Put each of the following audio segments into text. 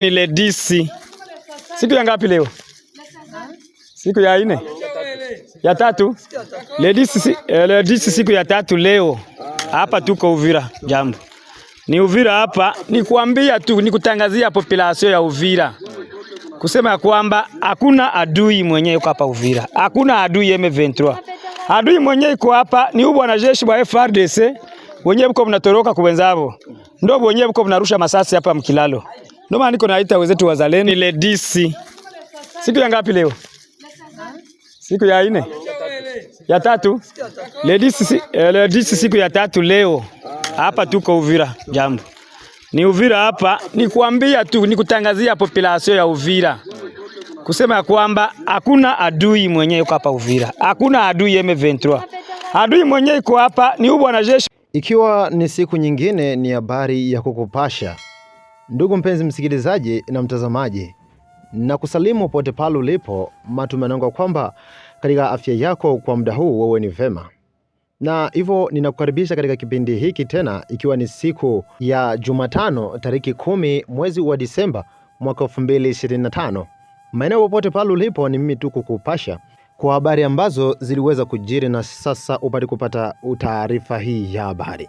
Ni ledisi. Siku ya ngapi leo? Siku ya nne? Ya tatu? Ledisi, eh, ledisi siku ya tatu leo. Hapa tuko Uvira, jambo. Ni Uvira hapa, ni kuambia tu, ni kutangazia population ya Uvira. Kusema kwamba hakuna adui mwenye yuko hapa Uvira. Hakuna adui M23. Adui mwenye yuko hapa ni bwana jeshi wa FRDC Wenyewe mko mnatoroka kuwenzavo. Ndio wenyewe mko mnarusha masasi hapa mkilalo. Ndio maana niko naita wenzetu wazalendo ile DC. Siku ya ngapi leo? Siku ya nne ya tatu ledisi, eh, ladies, siku ya tatu leo hapa tuko Uvira. Jambo ni Uvira hapa, nikuambia tu, nikutangazia population ya Uvira kusema ya kwamba hakuna adui mwenye yuko hapa Uvira, hakuna adui M23. Adui mwenye yuko hapa ni bwana jeshi. Ikiwa ni siku nyingine, ni habari ya kukupasha Ndugu mpenzi msikilizaji na mtazamaji, na kusalimu pote pale ulipo, matumaini yangu kwamba katika afya yako kwa muda huu wewe ni vema, na hivyo ninakukaribisha katika kipindi hiki tena, ikiwa ni siku ya Jumatano tariki kumi mwezi wa Disemba mwaka 2025. Maeneo popote pale ulipo, ni mimi tu kukupasha kwa habari ambazo ziliweza kujiri na sasa upate kupata taarifa hii ya habari.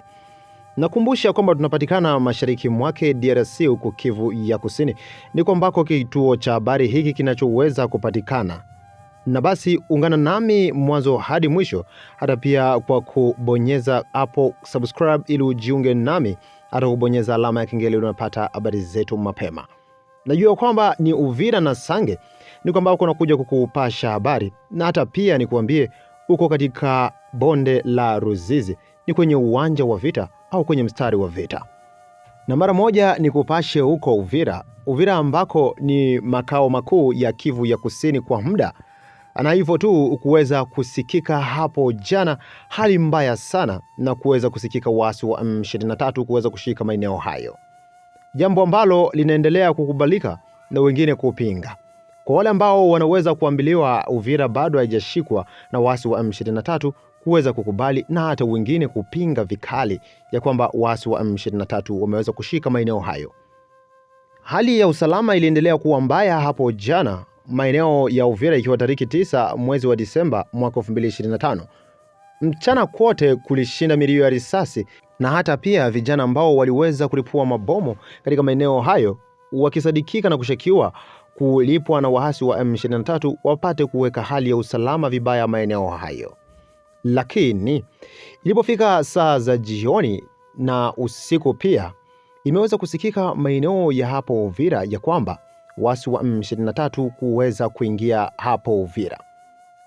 Nakumbusha kwamba tunapatikana mashariki mwake DRC huko Kivu ya Kusini, ndiko ambako kituo cha habari hiki kinachoweza kupatikana. Na basi ungana nami mwanzo hadi mwisho, hata pia kwa kubonyeza hapo subscribe ili ujiunge nami, hata kubonyeza alama ya kengele unapata habari zetu mapema. Najua kwamba ni Uvira na Sange kwamba uko nakuja kukupasha habari, na hata pia nikuambie uko katika bonde la Ruzizi, ni kwenye uwanja wa vita au kwenye mstari wa vita. Na mara moja ni kupashe huko Uvira, Uvira ambako ni makao makuu ya Kivu ya Kusini kwa muda, na hivyo tu kuweza kusikika hapo jana hali mbaya sana, na kuweza kusikika waasi wa M23 kuweza kushika maeneo hayo, jambo ambalo linaendelea kukubalika na wengine kupinga. Kwa wale ambao wanaweza kuambiliwa Uvira bado haijashikwa na waasi wa M23 kuweza kukubali na hata wengine kupinga vikali ya kwamba waasi wa M23 wameweza kushika maeneo hayo. Hali ya usalama iliendelea kuwa mbaya hapo jana maeneo ya Uvira, ikiwa tariki 9 mwezi wa Disemba mwaka 2025. Mchana kwote kulishinda milio ya risasi na hata pia vijana ambao waliweza kulipua mabomu katika maeneo hayo wakisadikika na kushakiwa kulipwa na waasi wa M23 wapate kuweka hali ya usalama vibaya maeneo hayo lakini ilipofika saa za jioni na usiku pia imeweza kusikika maeneo ya hapo Uvira ya kwamba wasi wa M23 kuweza kuingia hapo Uvira,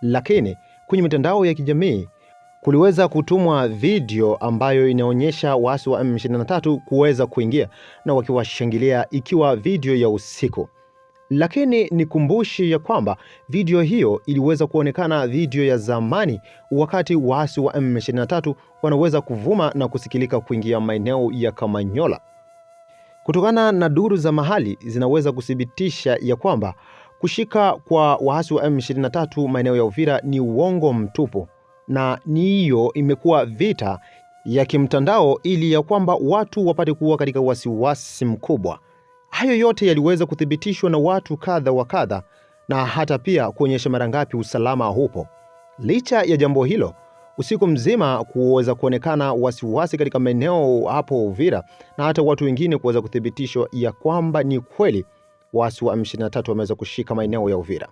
lakini kwenye mitandao ya kijamii kuliweza kutumwa video ambayo inaonyesha waasi wa M23 kuweza kuingia na wakiwashangilia, ikiwa video ya usiku lakini nikumbushi ya kwamba video hiyo iliweza kuonekana video ya zamani, wakati waasi wa M23 wanaweza kuvuma na kusikilika kuingia maeneo ya Kamanyola. Kutokana na duru za mahali zinaweza kuthibitisha ya kwamba kushika kwa waasi wa M23 maeneo ya Uvira ni uongo mtupu, na ni hiyo imekuwa vita ya kimtandao ili ya kwamba watu wapate kuwa katika wasiwasi mkubwa. Hayo yote yaliweza kuthibitishwa na watu kadha wa kadha na hata pia kuonyesha mara ngapi usalama hupo. Licha ya jambo hilo, usiku mzima kuweza kuonekana wasiwasi katika maeneo hapo Uvira na hata watu wengine kuweza kuthibitishwa ya kwamba ni kweli waasi wa M23 wameweza kushika maeneo ya Uvira.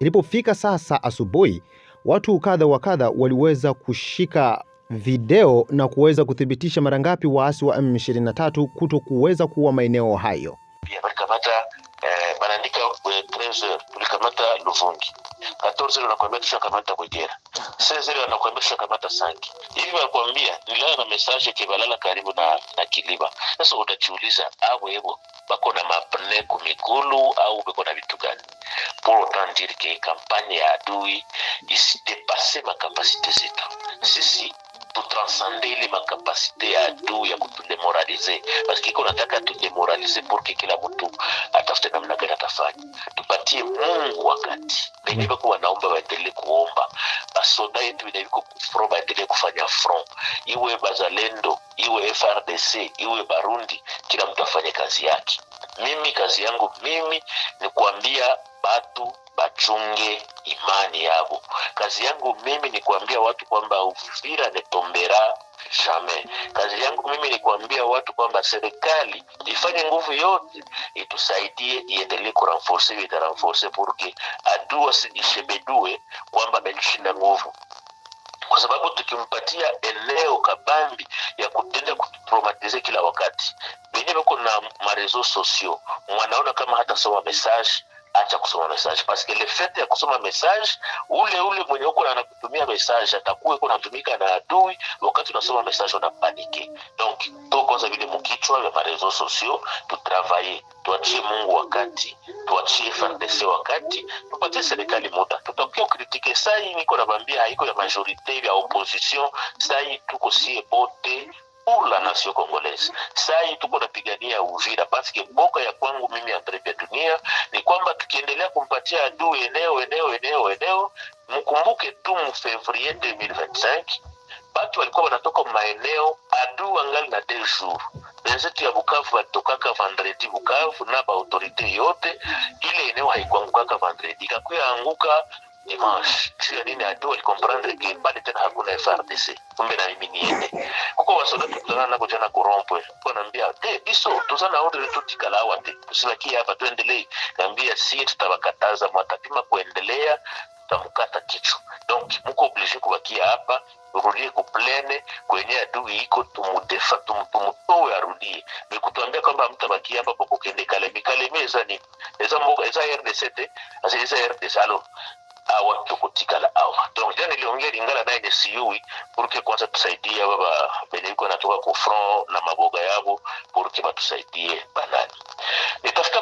Ilipofika sasa asubuhi, watu kadha wa kadha waliweza kushika video na kuweza kuthibitisha mara ngapi waasi wa M23 kuto kuweza kuwa maeneo hayo pia balikamata eh, banaandika tulikamata luvungi katorze wanakuambia tushakamata Kujera, 16 wanakuambia tushakamata Sangi. Hivi wanakuambia nilala na mesaje kivalala karibu na, na Kilima. Sasa utajiuliza au bako na mapne kumikulu au beko na vitu gani? Pour autant dire que ya adui isidepase makapasite zetu sisi tutransander makapasite ya adui ya kutudemoralize, paski iko nataka tudemoralize porke kila mtu atafute namna gani atafanya. Tupatie Mungu wakati benye bako mm. wanaomba waendelee kuomba, basoda yetu benye biko kufront kufanya front, iwe bazalendo iwe FRDC iwe Barundi, kila mtu afanye kazi yake. Mimi kazi yangu mimi ni kuambia batu bachunge imani yabo. Kazi yangu mimi ni kuambia watu kwamba Uvira netombera shame Kazi yangu mimi ni kuambia watu kwamba serikali ifanye nguvu yote itusaidie, iendelee kuranforce itaranforce purke adua asijishebedue kwamba ametushinda nguvu kwa sababu tukimpatia eneo kabambi ya kutenda kututraumatize kila wakati, wengine weko na marezo sosio, mwanaona kama hata soma message, acha kusoma message paske ile fete ya kusoma message, ule ule mwenye uko anakutumia message atakuwa uko natumika na adui. Wakati unasoma message unapanike. Donc to kwanza vile mkichwa vya marezo sosio, tutravaye, tuachie Mungu wakati, tuachie FARDC wakati, tupatie serikali muda. Tutakia kritike sai, niko nabambia haiko ya majorite ya opposition sai, tuko sie bote la nasio Kongolezi. Saa tuko napigania Uvira, paske mboka ya kwangu mimi Andre dunia ni kwamba tukiendelea kumpatia adui eneo eneo eneo eneo, mkumbuke tu mfevrier 2025 batu walikuwa wanatoka maeneo adui angali na deux jours. Wenzetu ya Bukavu walitokaka vendredi Bukavu na ba yote, ile eneo haikuangukaka vendredi, kakuya anguka Dimash sio nini adu alikomprendre ke pale tena hakuna FRDC, kumbe na mimi niende huko. Wasoda tukutana nako jana Korompwe, kwa naambia te iso tuzana order tu tikala wate tusibakie hapa tuendelee. Naambia sie tutabakataza, mwatapima kuendelea, tutamkata kichwa. Donc muko oblige kubakia hapa, urudie kuplene kwenye adui iko, tumudefa tumutoe, arudie. Ni kutuambia kwamba mtabakia hapa pokokende kalemi kalemi, eza ni eza mboga eza RDC te asa RDC alo awatokotika la awa. Donc jana niliongea Lingala naye ni siui purke kwanza tusaidia baba benye iko natoka ku front na maboga yabo purke batusaidie banani. Nitafuta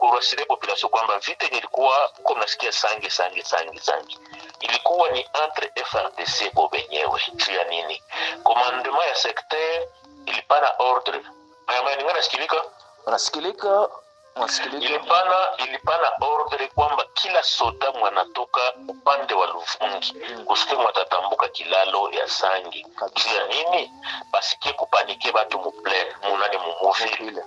kurasilia population kwamba vita yenye ilikuwa uko mnasikia sange sange sange sange ilikuwa ni entre FRDC bo benyewe juu ya nini komandema ya sekter ilipana ordre ningana sikilika nasikilika ilipana, ilipana ordre kwamba kila soda mwanatoka upande wa Luvungi mm. kusike mwatatambuka kilalo ya Sangi juu ya nini? Basikie kupanike batu muple munani mumuvile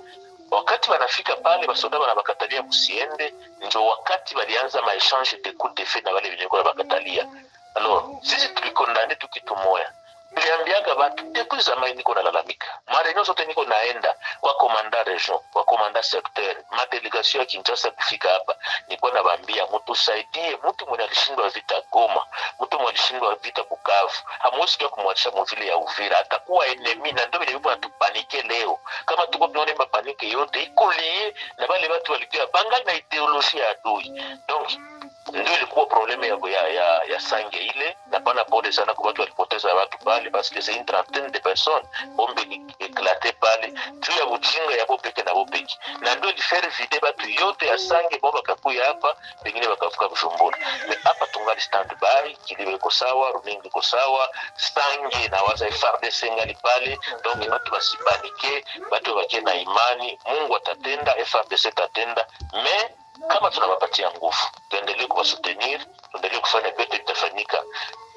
wakati wanafika pale basoda wanabakatalia kusiende, njo wakati walianza maechange de coup de feu na wale venye bakatalia. Alors sisi tuliko ndani tukitumoya niliambiaga batu depuis zamani niko nalalamika, mareunion zote niko naenda kwa komanda region, kwa komanda secteur, madelegation ya Kinshasa kufika hapa, nikuwa nawaambia mutusaidie, mtu mwenye alishindwa vita Goma, mtu mwenye alishindwa vita Bukavu, hamuwezi kia kumwachisha muvile ya Uvira, atakuwa enemi. Na ndio vilevile atupanike leo, kama tuko tunaona mapanike yote ikulie na vale watu walikuwa bangali na ideolojia ya adui donc ndio ilikuwa probleme ya, ya, ya, ya Sange ile, na pana pole sana kwa watu walipoteza watu pale, paske c'est une trentaine de personnes bombe ni éclaté pale tu ya buchinga ya bopeke na bopeke, na ndio di ilifere vide batu yote ya Sange bomba kakuya hapa, pengine wakafuka Bujumbura. ni hapa tungali stand by Kiliba ko sawa, rumingi ko sawa, Sange na waza ifar FARDC ngali pale, donc watu basibanike, watu wakie na imani, Mungu atatenda, FARDC atatenda mais kama tunawapatia nguvu, tuendelee kuwasotenir, tuendelee kufanya vyote vitafanyika.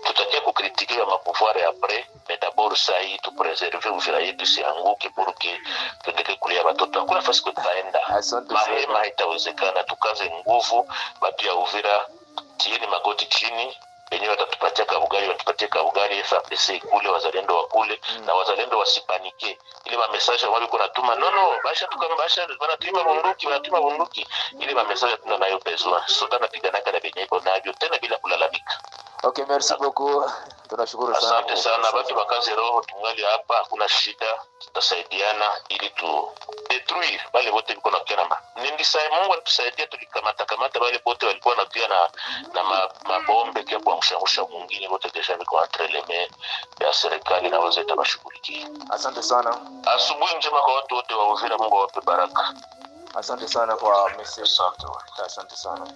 Tutakia kukritikia mapouvoir ya pre medabor, sahii tupreserve Uvira yetu sianguke, porque tuendelee kulia watoto, hakuna fasi kutaenda mahema, haitawezekana. Tukaze nguvu, batu ya Uvira tieni magoti chini, wenyewe ugali watupatie ka ugali FARDC ikule wazalendo wakule mm. na wazalendo wasipanike, ile mamesaje ambayo iko natuma no no, basha tukambasha wanatuma bunduki wanatuma bunduki, ile mamesaje tunanayo pesa soda napiga naka na benye iko navyo tena bila kulalamika. Okay, merci beaucoup. Tunashukuru sana. Asante sana watu wa kazi roho tungali hapa, hakuna shida, tutasaidiana ili tu detruire wale wote biko na kiramba. Nindi sai Mungu atusaidia tulikamata kamata wale wote walikuwa na pia na na mabombe kia kwa mshangusha mwingine wote kesha biko entre les ya serikali na wazee tabashukuriki. Asante sana. Asubuhi njema kwa watu wote wa Uvira, Mungu awape baraka. Asante sana kwa message. Asante sana.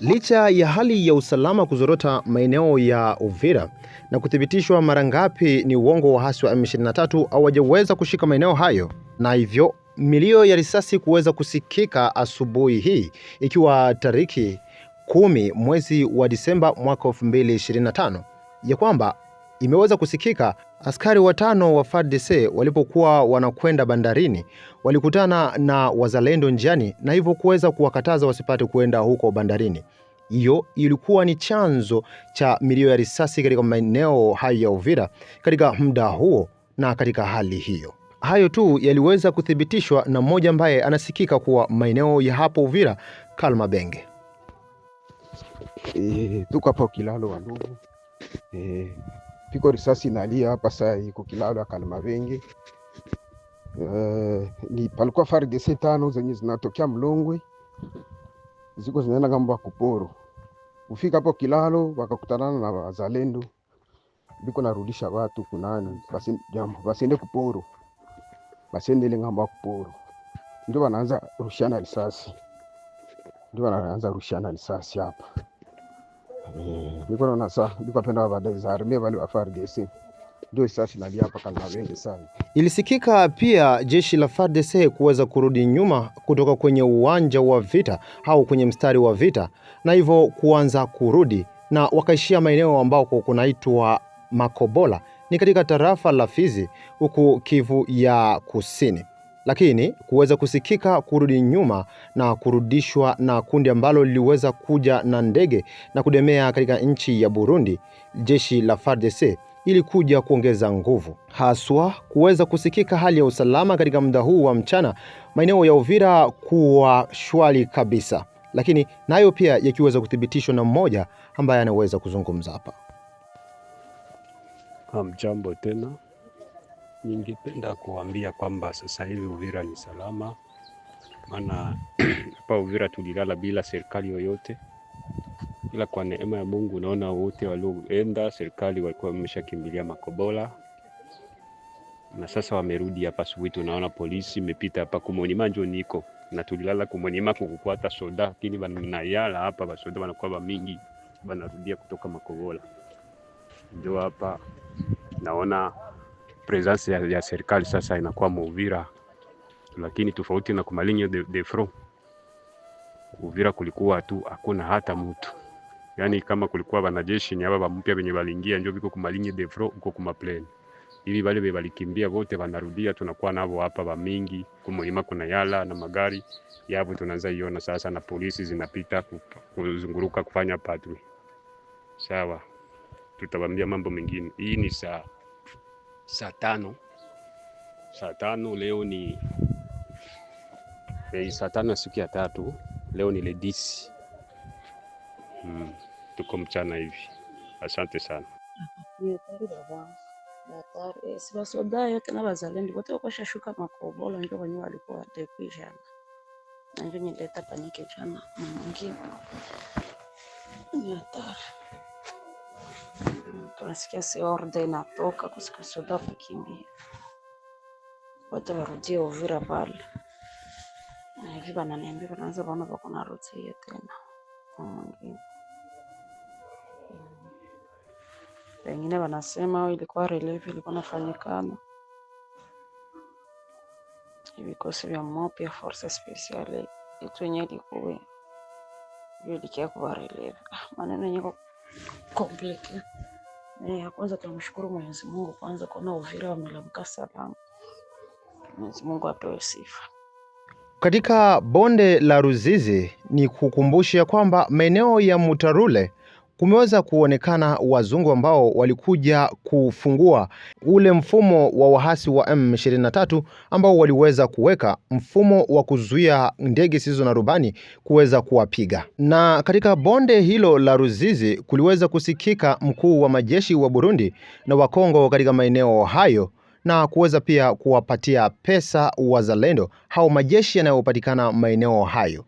Licha ya hali ya usalama kuzorota maeneo ya Uvira na kuthibitishwa mara ngapi ni uongo hasi wa M23 hawajaweza kushika maeneo hayo na hivyo milio ya risasi kuweza kusikika asubuhi hii ikiwa tariki kumi mwezi wa Disemba mwaka 2025 ya kwamba imeweza kusikika askari watano wa FARDC walipokuwa wanakwenda bandarini walikutana na wazalendo njiani na hivyo kuweza kuwakataza wasipate kuenda huko bandarini. Hiyo ilikuwa ni chanzo cha milio ya risasi katika maeneo hayo ya Uvira katika muda huo na katika hali hiyo. Hayo tu yaliweza kuthibitishwa na mmoja ambaye anasikika kuwa maeneo ya hapo Uvira, Kalma Benge. E, tuko hapo kilalo wa ndugu e, eh, piko risasi nalia hapa saa hii kukilalo ya Kalmavengi. Eh, ni palikuwa FARDC tano zenye zinatokea Mlongwe ziko zinaenda ngambo ya Kuporo. Kufika hapo kilalo wakakutanana na wazalendo, biko narudisha watu kunani, basi jambo basiende Kuporo, basiende ile ngambo ya Kuporo ndio wanaanza rushana risasi, ndio wanaanza rushana risasi hapa Mm. niko na saa niko penda baadaye wengi sana. Ilisikika pia jeshi la FARDC kuweza kurudi nyuma kutoka kwenye uwanja wa vita au kwenye mstari wa vita, na hivyo kuanza kurudi na wakaishia maeneo ambako kunaitwa Makobola, ni katika tarafa la Fizi huku Kivu ya Kusini lakini kuweza kusikika kurudi nyuma na kurudishwa na kundi ambalo liliweza kuja na ndege na kudemea katika nchi ya Burundi, jeshi la FARDC ili kuja kuongeza nguvu, haswa kuweza kusikika hali ya usalama katika muda huu wa mchana, maeneo ya Uvira kuwa shwari kabisa, lakini nayo pia yakiweza kuthibitishwa na mmoja ambaye anaweza kuzungumza hapa. Hamjambo tena ningependa kuambia kwamba sasa hivi Uvira ni salama, maana hapa Uvira tulilala bila serikali yoyote, ila kwa neema ya Mungu naona wote walioenda serikali walikuwa wameshakimbilia Makobola na sasa wamerudi hapa subuhi. Tunaona polisi imepita hapa kumonima, njo niko na tulilala kumonima kukukwata soda, lakini banayala hapa basoda wanakuwa ba mingi, wanarudia kutoka Makobola, ndio hapa naona presence ya, ya serikali sasa inakuwa Uvira, lakini tofauti na kumalinyo de, de front Uvira kulikuwa tu hakuna hata mtu yani, kama kulikuwa wanajeshi ni hapa mpya wenye walingia ndio biko kumalinyo de front huko kuma plain hivi, bale be walikimbia wote wanarudia, tunakuwa navo hapa ba mingi kumulima, kuna yala na magari yapo, tunaanza iona sasa, na polisi zinapita kuzunguruka kufanya patrol. Sawa, tutawambia mambo mengine, hii ni saa saa tano saa tano leo ni e, saa tano ya siku ya tatu leo ni ledisi. Mm, tuko mchana hivi. Asante sana sibasoda yote n'abazalendo bote bakwashashuka makobolo njo banye walikuwa watekwijana nanjo nyileta panike jana mumungine ni hatari tunasikia si orde inatoka kusika South Africa, kimbia wote warudie Uvira pale hivi. Bananiambia wanaanza vaona vakona ruti hiyo tena kwa mwingine, wengine wanasema oh, ilikuwa relief ilikuwa nafanyikana vikosi vya mopi ya force special yetu yenye ilikuwa vilikia kuwa relief ah, maneno yenye complicated. Eh, kwanza tunamshukuru Mwenyezi Mungu kwanza kuona Uvira wamelamka salama. Mwenyezi Mungu apewe sifa. Katika bonde la Ruzizi ni kukumbusha kwamba maeneo ya Mutarule kumeweza kuonekana wazungu ambao walikuja kufungua ule mfumo wa wahasi wa M23 ambao waliweza kuweka mfumo wa kuzuia ndege zisizo na rubani kuweza kuwapiga. Na katika bonde hilo la Ruzizi kuliweza kusikika mkuu wa majeshi wa Burundi na wa Kongo katika maeneo hayo na kuweza pia kuwapatia pesa wazalendo hao majeshi yanayopatikana maeneo hayo,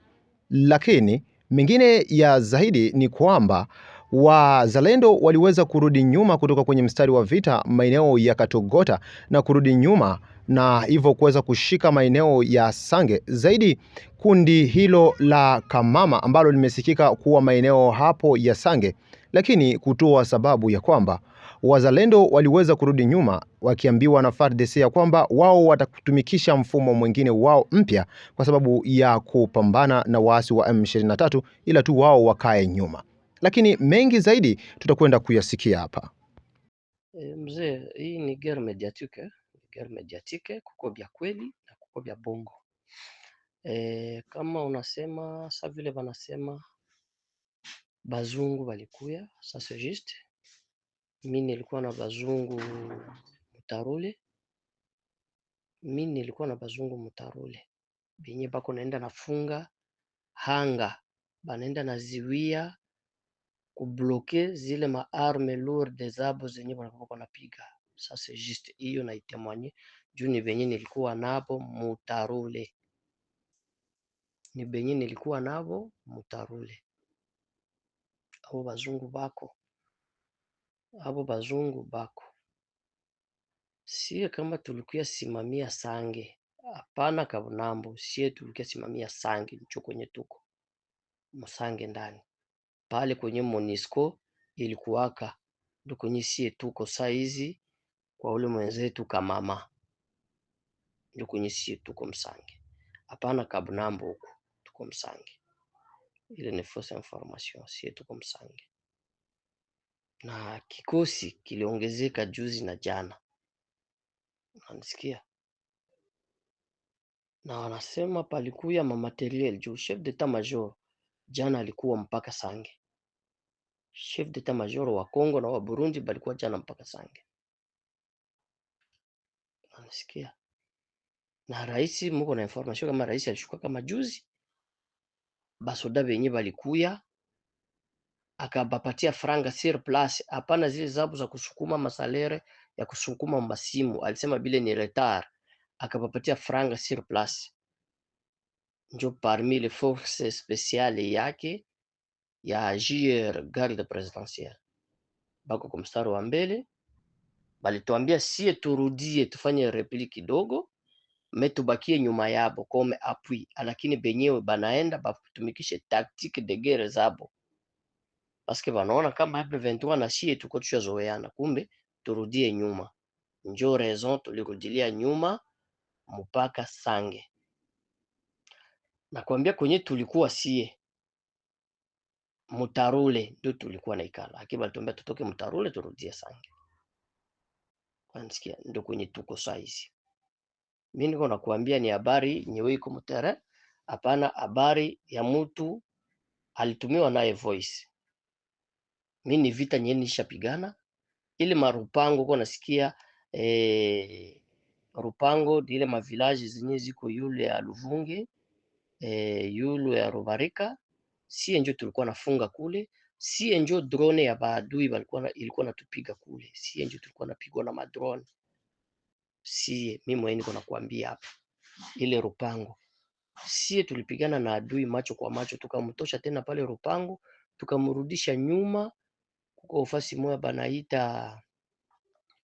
lakini mengine ya zaidi ni kwamba Wazalendo waliweza kurudi nyuma kutoka kwenye mstari wa vita maeneo ya Katogota na kurudi nyuma na hivyo kuweza kushika maeneo ya Sange. Zaidi kundi hilo la Kamama ambalo limesikika kuwa maeneo hapo ya Sange, lakini kutoa sababu ya kwamba wazalendo waliweza kurudi nyuma wakiambiwa na FARDC ya kwamba wao watatumikisha mfumo mwingine wao mpya kwa sababu ya kupambana na waasi wa M23, ila tu wao wakae nyuma lakini mengi zaidi tutakwenda kuyasikia hapa. E, mzee, hii ni guerre mediatique, guerre mediatique, kuko vya kweli na kuko vya bongo. E, kama unasema sa vile wanasema bazungu walikuya sasa juste mi nilikuwa na bazungu mutarule, mi nilikuwa na bazungu mutarule venye bako naenda nafunga hanga banaenda na ziwia kubloke zile maarme lourde zabo zenye wanakuwa wanapiga. Sasa juste hiyo naitemwanye juu ni venye nilikuwa nabo mutarule, ni benye nilikuwa nabo mutarule. Abo bazungu bako, abo bazungu bako, sie kama tulikuya simamia sange, hapana kabunambo, sie tulikuya simamia sange, ncho kwenye tuko musange ndani pale kwenye Monisco ilikuwaka, ndo kwenye sie tuko saizi kwa ule mwenzetu kamama, ndo kwenye sie tuko Msange, hapana Kabnambo huko tuko Msange. Ile ni fausse information, sie tuko Msange na kikosi kiliongezeka juzi na jana, unanisikia? Na wanasema palikuya mamateriel juu chef d'etat major Jana alikuwa mpaka Sange. Chef d'etat major wa Kongo na wa Burundi balikuwa jana mpaka Sange, nasikia na rais, muko na information kama rais alishuka kama juzi, basoda benye balikuya akabapatia franga sur place, hapana zile zabu za kusukuma masalere ya kusukuma masimu, alisema bile ni retard, akabapatia franga sur place njo parmi les forces spéciales yake ya AGIR garde presidentielle. Bako kwa mstari wa mbele, balituambia sie turudie tufanye repli kidogo, metubakie nyuma yabo kome apui, lakini benyewe banaenda batumikishe tactique de guerre zabo paske banaona kama M23 na sie tuko tushazoeana, kumbe turudie nyuma. Njo raison tulirudilia nyuma mpaka Sange nakwambia kwenye tulikuwa sie Mutarule ndio tulikuwa naikala. Hakimu alituambia tutoke Mutarule turudie Sange. Unasikia, ndio kwenye tuko saizi. Mi niko nakuambia ni habari nyewe iko mutere, hapana habari ya mtu alitumiwa naye voice. Mi ni vita nyenye nishapigana ile marupango uko nasikia eh, rupango ile mavilaji zenye ziko yule ya Luvungi e, yulu ya Rubarika, sie njo tulikuwa nafunga kule, sie njo drone ya baadui walikuwa na, ilikuwa natupiga kule, sie njo tulikuwa napigwa na madrone. Sie mimi mwenyewe niko nakuambia hapa, ile Rupango sie tulipigana na adui macho kwa macho, tukamtosha tena pale Rupango, tukamrudisha nyuma. Kuko ufasi moya banaita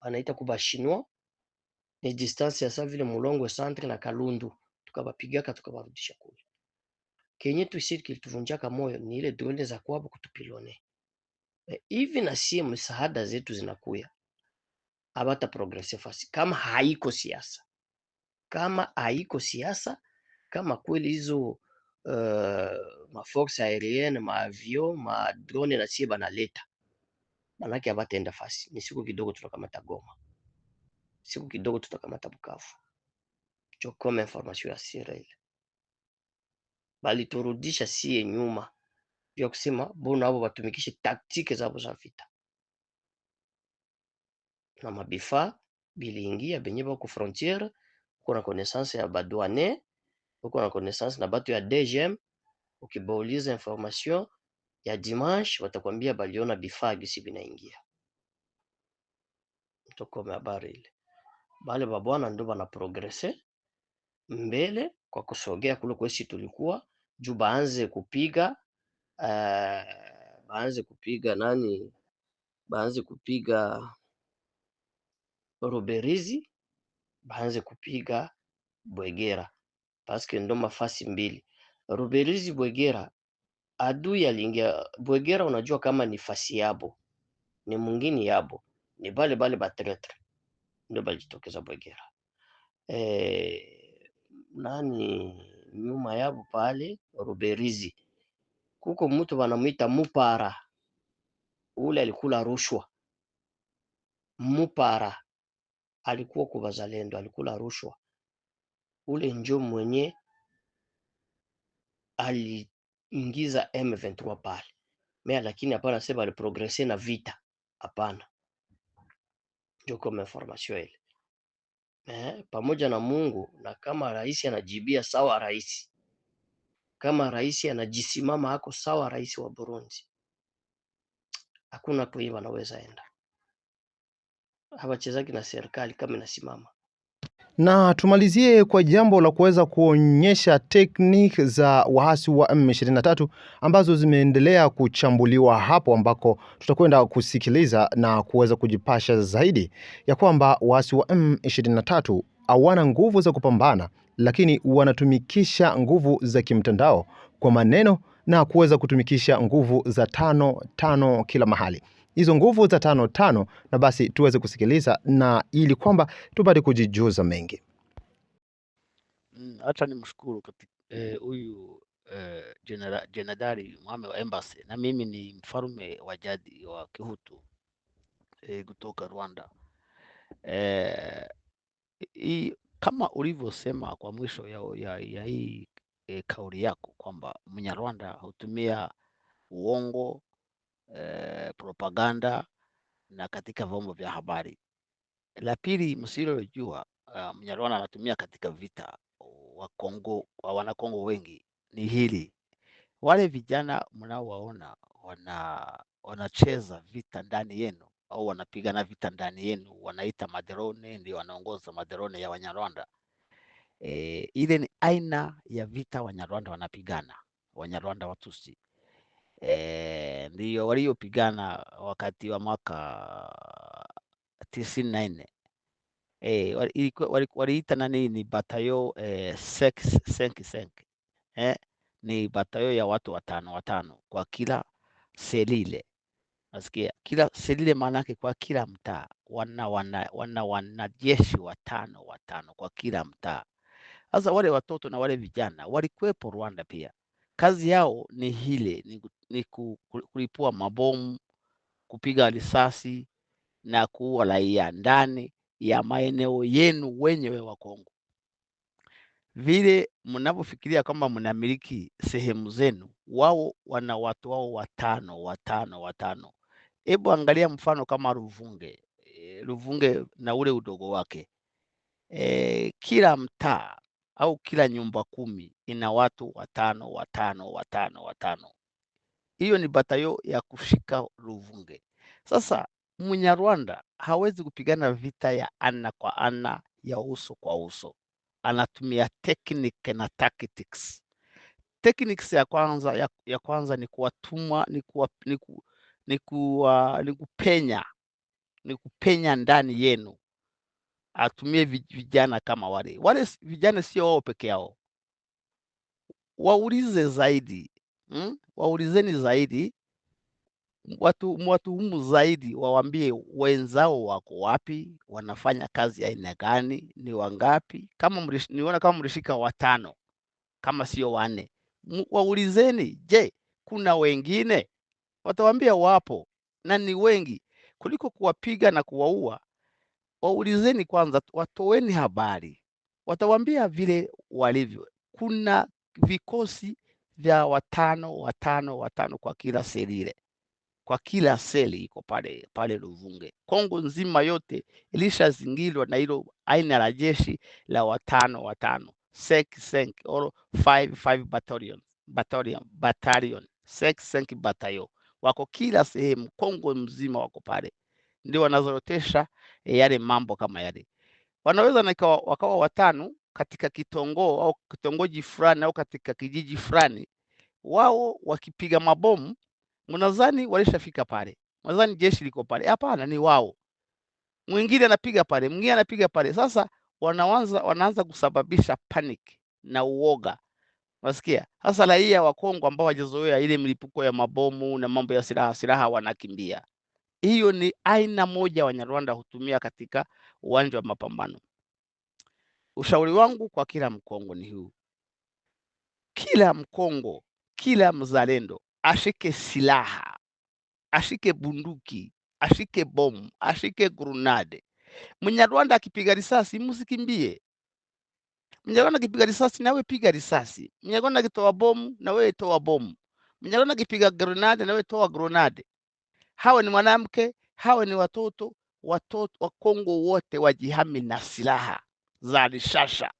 banaita kubashinwa ni distance ya savile mulongo centre na Kalundu, tukabapigaka tukabarudisha kule kenye tuisiri kilituvunjaka moyo ni ile drone za kwabo kutupilone eh, hivi, na sie msaada zetu zinakuya abata progresse fasi kama haiko siasa, kama haiko siasa, kama kweli hizo uh, eh, maforce aerien maavyo madrone na sie banaleta manake abataenda fasi. Ni siku kidogo tutakamata Goma, siku kidogo tutakamata Bukavu. chokome information ya sira ile baliturudisha siye nyuma vya kusema bona abo batumikishe taktike zabo za vita na mabifa biliingia benye bako frontiere uko na connaissance ya badwane uko na connaissance na batu ya DGM. Ukibauliza information ya dimanche, watakwambia baliona bifaa gisi binaingia tokome habari ile. Bale babwana ndo bana progresse mbele kwa kusogea kule kwesi tulikuwa juu baanze kupiga uh, baanze kupiga nani, baanze kupiga roberizi baanze kupiga Bwegera paske ndo mafasi mbili roberizi Bwegera. Adui aliingia Bwegera, unajua kama ni fasi yabo ni mwingine yabo ni bale bale batretre ndio balijitokeza Bwegera. E, nani nyuma yabo pale Ruberizi kuko mtu wanamuita Mupara, ule alikula rushwa. Mupara alikuwa kubazalendo, alikula rushwa. Ule njo mwenye aliingiza M23 pale mea, lakini hapana sema aliprogresse na vita, hapana. Njo kama information ile eh, pamoja na Mungu. Na kama rais anajibia sawa, rais kama rais anajisimama hako sawa, rais wa Burundi, hakuna kuiva anaweza enda, hawachezaji na serikali kama inasimama na tumalizie kwa jambo la kuweza kuonyesha tekniki za waasi wa M23 ambazo zimeendelea kuchambuliwa hapo, ambako tutakwenda kusikiliza na kuweza kujipasha zaidi ya kwamba waasi wa M23 hawana nguvu za kupambana, lakini wanatumikisha nguvu za kimtandao kwa maneno na kuweza kutumikisha nguvu za tano tano kila mahali hizo nguvu za tano tano, na basi tuweze kusikiliza na ili kwamba tupate kujijuza mengi. Mm, Hata ni mshukuru eh, huyu eh, jenerali mwame wa Embassy, na mimi ni mfalme wa jadi wa Kihutu eh, kutoka Rwanda. E, i, kama ulivyosema kwa mwisho ya, ya, ya hii e, kauli yako kwamba Mnyarwanda hutumia uongo Eh, propaganda na katika vyombo vya habari. La pili msilojua, uh, eh, Mnyarwanda anatumia katika vita wa Kongo, wa wanakongo wengi ni hili, wale vijana mnaowaona wana wanacheza vita ndani yenu au wanapigana vita ndani yenu, wanaita madrone ndio wanaongoza madrone ya Wanyarwanda. E, ile ni aina ya vita Wanyarwanda wanapigana, Wanyarwanda Watusi e, ndio waliopigana wakati wa mwaka tisini na nne e, waliita nani ni batayo e, sek, senk, senk. E, ni batayo ya watu watano watano kwa kila selile nasikia kila selile, maanake kwa kila mtaa wana wanajeshi wana, wana watano watano kwa kila mtaa. Sasa wale watoto na wale vijana walikuwepo Rwanda pia kazi yao ni hile ni, ni kulipua mabomu, kupiga risasi na kuua raia ndani ya maeneo yenu wenyewe wa Kongo. Vile mnavyofikiria kwamba mnamiliki sehemu zenu, wao wana watu wao watano watano watano. Hebu angalia mfano kama Ruvunge, eh, Ruvunge na ule udogo wake e, kila mtaa au kila nyumba kumi ina watu watano watano watano watano. Hiyo ni batayo ya kushika Luvunge. Sasa Mnyarwanda hawezi kupigana vita ya ana kwa ana ya uso kwa uso, anatumia technique na tactics. Techniques ya kwanza, ya, ya kwanza ni kuwatuma ni, kuwa, ni, ku, ni, kuwa, ni kupenya ni kupenya ndani yenu, atumie vijana kama wale wale. Vijana sio wao peke yao, waulize zaidi hmm? hmm? Waulizeni zaidi, watu mwatuhumu zaidi, wawambie wenzao wako wapi, wanafanya kazi aina gani, ni wangapi? Kama mrish, niona kama mlishika watano kama sio wanne, waulizeni, je, kuna wengine? watawambia wapo na ni wengi, kuliko kuwapiga na kuwaua. Waulizeni kwanza, watoweni habari, watawambia vile walivyo. Kuna vikosi vya watano watano watano kwa kila seli ile, kwa kila seli iko pale pale Luvunge. Kongo nzima yote ilishazingirwa na hilo aina la jeshi la watano watano, sek senk or five battalion battalion battalion sek senk batayo, wako kila sehemu Kongo mzima, wako pale ndio wanazorotesha eh, yale mambo kama yale, wanaweza na wakawa watano katika kitongo au kitongoji fulani au katika kijiji fulani, wao wakipiga mabomu, mnadhani walishafika pale, mnadhani jeshi liko pale. Hapana, ni wao. Mwingine anapiga pale, mwingine anapiga pale. Sasa wanaanza wanaanza kusababisha panic na uoga, unasikia? Sasa raia wa Kongo ambao hawajazoea ile milipuko ya mabomu na mambo ya silaha silaha, wanakimbia. Hiyo ni aina moja Wanyarwanda hutumia katika uwanja wa mapambano. Ushauri wangu kwa kila Mkongo ni huu: kila Mkongo, kila mzalendo ashike silaha, ashike bunduki, ashike bomu, ashike gurunade. Mnyarwanda akipiga risasi, musikimbie. Mnyarwanda akipiga risasi, nawe piga risasi. Mnyarwanda akitoa bomu, nawe toa bomu. Mnyarwanda akipiga grenade, nawe toa grunade. Hawa ni mwanamke, hawa ni watoto. Watoto wa Kongo wote wajihami na silaha za rishasha,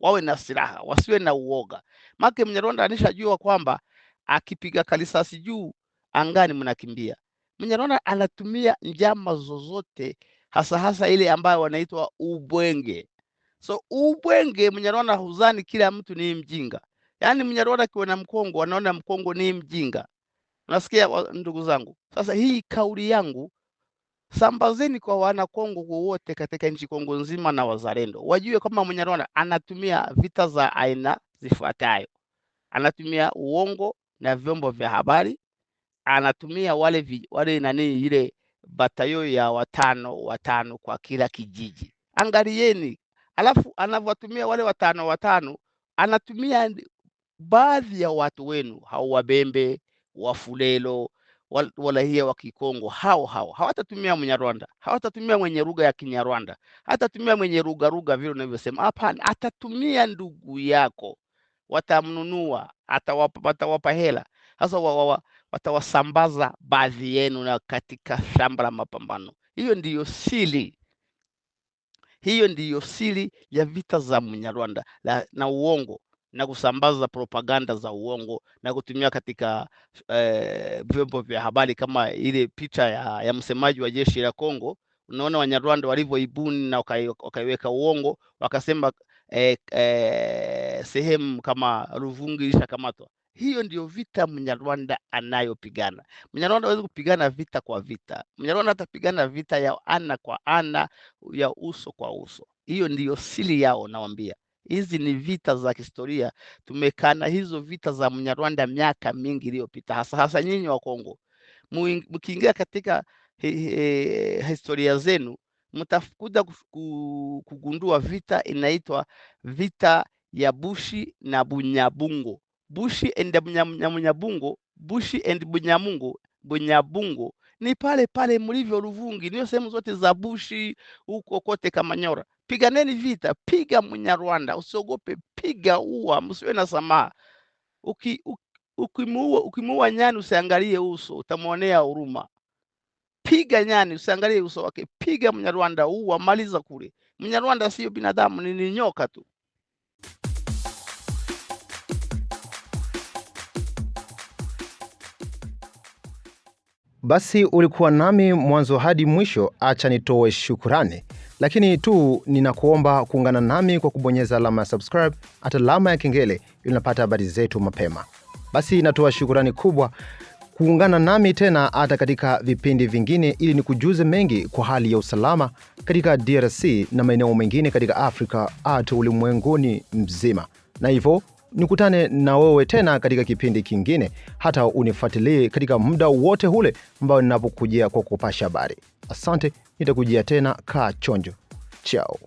wawe na silaha, wasiwe na uoga. Make Mnyarwanda anishajua kwamba akipiga kalisasi juu angani mnakimbia. Mnyarwanda anatumia njama zozote, hasa hasa ile ambayo wanaitwa ubwenge. So ubwenge, Mnyarwanda huzani kila mtu ni mjinga. Yaani Mnyarwanda akiwa na Mkongo anaona Mkongo ni mjinga. Unasikia ndugu zangu? Sasa hii kauli yangu sambazeni kwa wanakongo wowote katika nchi Kongo nzima na wazalendo wajue kwamba Mnyarwanda anatumia vita za aina zifuatayo: anatumia uongo na vyombo vya habari, anatumia wale, wale nani ile batayo ya watano watano kwa kila kijiji, angalieni. Alafu anavyotumia wale watano watano, anatumia baadhi ya watu wenu hao Wabembe, Wafulelo walahia wa Kikongo hao hao hawatatumia Mnyarwanda, hawatatumia mwenye lugha ya Kinyarwanda, hatatumia mwenye lugha lugha vile unavyosema. Hapana, atatumia ndugu yako, watamnunua, atawapa, atawapa hela sasa watawasambaza baadhi yenu na katika shamba la mapambano. Hiyo ndiyo siri, hiyo ndiyo siri ya vita za Mnyarwanda na uongo na kusambaza propaganda za uongo na kutumia katika eh, vyombo vya habari kama ile picha ya, ya msemaji wa jeshi la Kongo. Unaona Wanyarwanda walivyoibuni na wakaiweka uongo, wakasema eh, eh, sehemu kama Ruvungi ilishakamatwa. Hiyo ndiyo vita Mnyarwanda anayopigana. Mnyarwanda hawezi kupigana vita kwa vita. Mnyarwanda atapigana vita ya ana kwa ana, ya uso kwa uso. Hiyo ndiyo siri yao, nawambia. Hizi ni vita za kihistoria, tumekana hizo vita za Mnyarwanda miaka mingi iliyopita, hasa hasa nyinyi wa Kongo mkiingia katika he, he, historia zenu mtakuja kugundua vita inaitwa vita ya Bushi na Bunyabungo, Bushi and Bunyabungo, Bushi and Bunyabungo, Bunyabungo ni pale pale mlivyo Luvungi, ndio sehemu zote za Bushi huko kote Kamanyora. Piganeni vita, piga Mnyarwanda, usiogope, piga, ua, msiwe na samaa. Uki, ukimuua ukimuua nyani usiangalie uso, utamwonea huruma. Piga nyani usiangalie uso wake, piga Mnyarwanda, ua, maliza kule. Mnyarwanda sio binadamu, ni nyoka tu. Basi ulikuwa nami mwanzo hadi mwisho, acha nitoe shukurani, lakini tu ninakuomba kuungana nami kwa kubonyeza alama ya subscribe hata alama ya kengele, ili unapata habari zetu mapema. Basi natoa shukurani kubwa kuungana nami tena hata katika vipindi vingine, ili nikujuze mengi kwa hali ya usalama katika DRC na maeneo mengine katika Afrika hata ulimwenguni mzima, na hivyo nikutane na wewe tena katika kipindi kingine, hata unifuatilie katika muda wote ule ambao ninapokujia kwa kupasha habari. Asante, nitakujia tena. Kaa chonjo, chao.